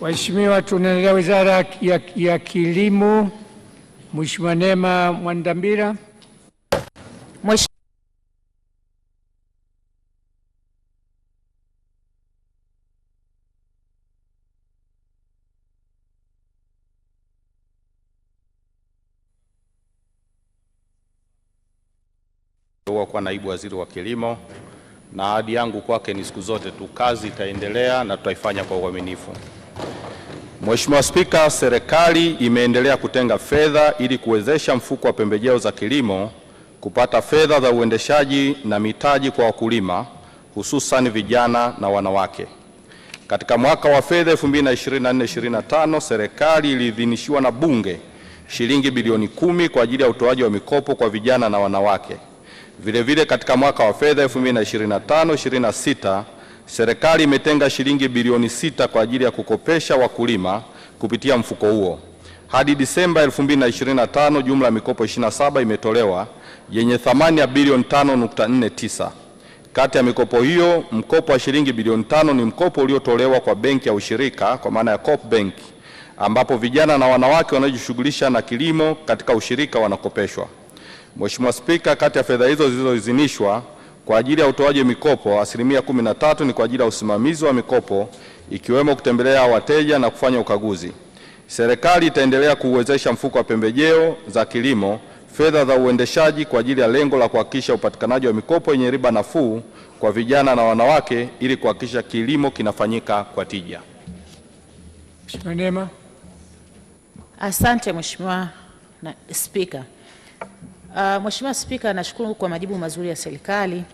Waheshimiwa, tunaendelea wizara ya, ya kilimo. Mheshimiwa Neema Mwandambira. kwa naibu waziri wa kilimo, na ahadi yangu kwake ni siku zote tu kazi itaendelea na tutaifanya kwa uaminifu. Mheshimiwa Spika, serikali imeendelea kutenga fedha ili kuwezesha mfuko wa pembejeo za kilimo kupata fedha za uendeshaji na mitaji kwa wakulima hususan vijana na wanawake. Katika mwaka wa fedha 2024/2025 serikali iliidhinishiwa na Bunge shilingi bilioni kumi kwa ajili ya utoaji wa mikopo kwa vijana na wanawake. Vilevile, katika mwaka wa fedha 2025/2026 Serikali imetenga shilingi bilioni sita kwa ajili ya kukopesha wakulima kupitia mfuko huo. Hadi Disemba 2025 jumla ya mikopo 27 imetolewa yenye thamani ya bilioni 5.49. Kati ya mikopo hiyo, mkopo wa shilingi bilioni tano ni mkopo uliotolewa kwa benki ya ushirika kwa maana ya Coop Bank, ambapo vijana na wanawake wanaojishughulisha na kilimo katika ushirika wanakopeshwa. Mheshimiwa Spika, kati ya fedha hizo zilizoidhinishwa kwa ajili ya utoaji wa mikopo, asilimia 13 ni kwa ajili ya usimamizi wa mikopo ikiwemo kutembelea wateja na kufanya ukaguzi. Serikali itaendelea kuuwezesha mfuko wa pembejeo za kilimo fedha za uendeshaji kwa ajili ya lengo la kuhakikisha upatikanaji wa mikopo yenye riba nafuu kwa vijana na wanawake ili kuhakikisha kilimo kinafanyika kwa tija. Mheshimiwa Neema. Asante Mheshimiwa Spika. Uh, Mheshimiwa Spika, nashukuru kwa majibu mazuri ya serikali.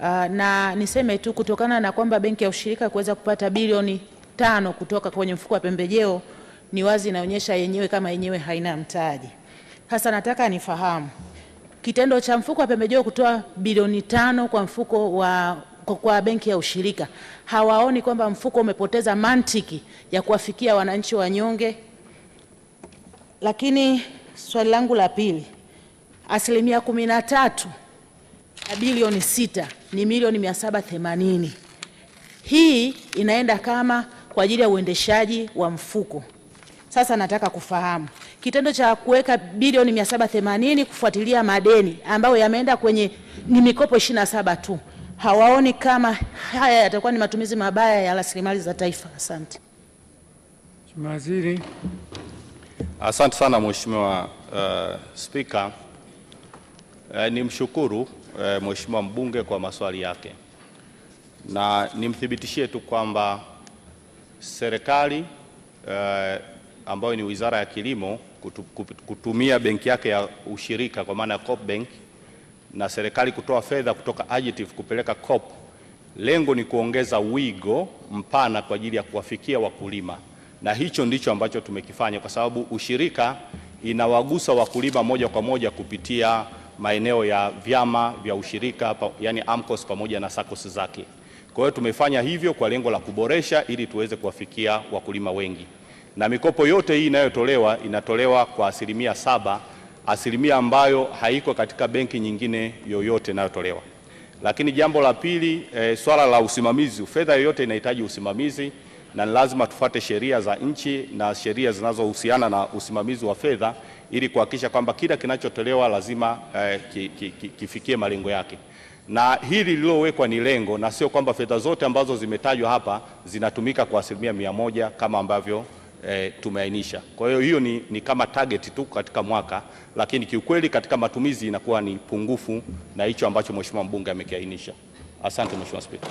Uh, na niseme tu kutokana na kwamba benki ya ushirika kuweza kupata bilioni tano kutoka kwenye mfuko wa pembejeo ni wazi inaonyesha yenyewe kama yenyewe haina mtaji. Hasa nataka nifahamu kitendo cha mfuko wa pembejeo kutoa bilioni tano kwa mfuko wa kwa benki ya ushirika, hawaoni kwamba mfuko umepoteza mantiki ya kuwafikia wananchi wanyonge? Lakini swali langu la pili asilimia kumi na tatu na bilioni sita ni milioni mia saba themanini. Hii inaenda kama kwa ajili ya uendeshaji wa mfuko. Sasa nataka kufahamu kitendo cha kuweka bilioni themanini kufuatilia madeni ambayo yameenda kwenye ni mikopo 27 tu, hawaoni kama haya yatakuwa ni matumizi mabaya ya rasilimali za taifa? Asante. Mheshimiwa Waziri. Asante sana Mheshimiwa uh, Spika. Eh, nimshukuru e, mheshimiwa mbunge kwa maswali yake na nimthibitishie tu kwamba serikali e, ambayo ni Wizara ya Kilimo kutu, kutumia benki yake ya ushirika kwa maana ya COP Bank na serikali kutoa fedha kutoka AGITF kupeleka Coop, lengo ni kuongeza wigo mpana kwa ajili ya kuwafikia wakulima, na hicho ndicho ambacho tumekifanya kwa sababu ushirika inawagusa wakulima moja kwa moja kupitia maeneo ya vyama vya ushirika yani AMCOS pamoja na SACCOS zake. Kwa hiyo tumefanya hivyo kwa lengo la kuboresha ili tuweze kuwafikia wakulima wengi, na mikopo yote hii inayotolewa inatolewa kwa asilimia saba, asilimia ambayo haiko katika benki nyingine yoyote inayotolewa. Lakini jambo la pili, e, swala la usimamizi. Fedha yoyote inahitaji usimamizi na ni lazima tufuate sheria za nchi na sheria zinazohusiana na usimamizi wa fedha ili kuhakikisha kwamba kila kinachotolewa lazima eh, ki, ki, ki, kifikie malengo yake na hili lililowekwa ni lengo na sio kwamba fedha zote ambazo zimetajwa hapa zinatumika kwa asilimia mia moja kama ambavyo e, tumeainisha. Kwa hiyo hiyo ni, ni kama target tu katika mwaka, lakini kiukweli katika matumizi inakuwa ni pungufu na hicho ambacho Mheshimiwa mbunge amekiainisha. Asante Mheshimiwa Spika.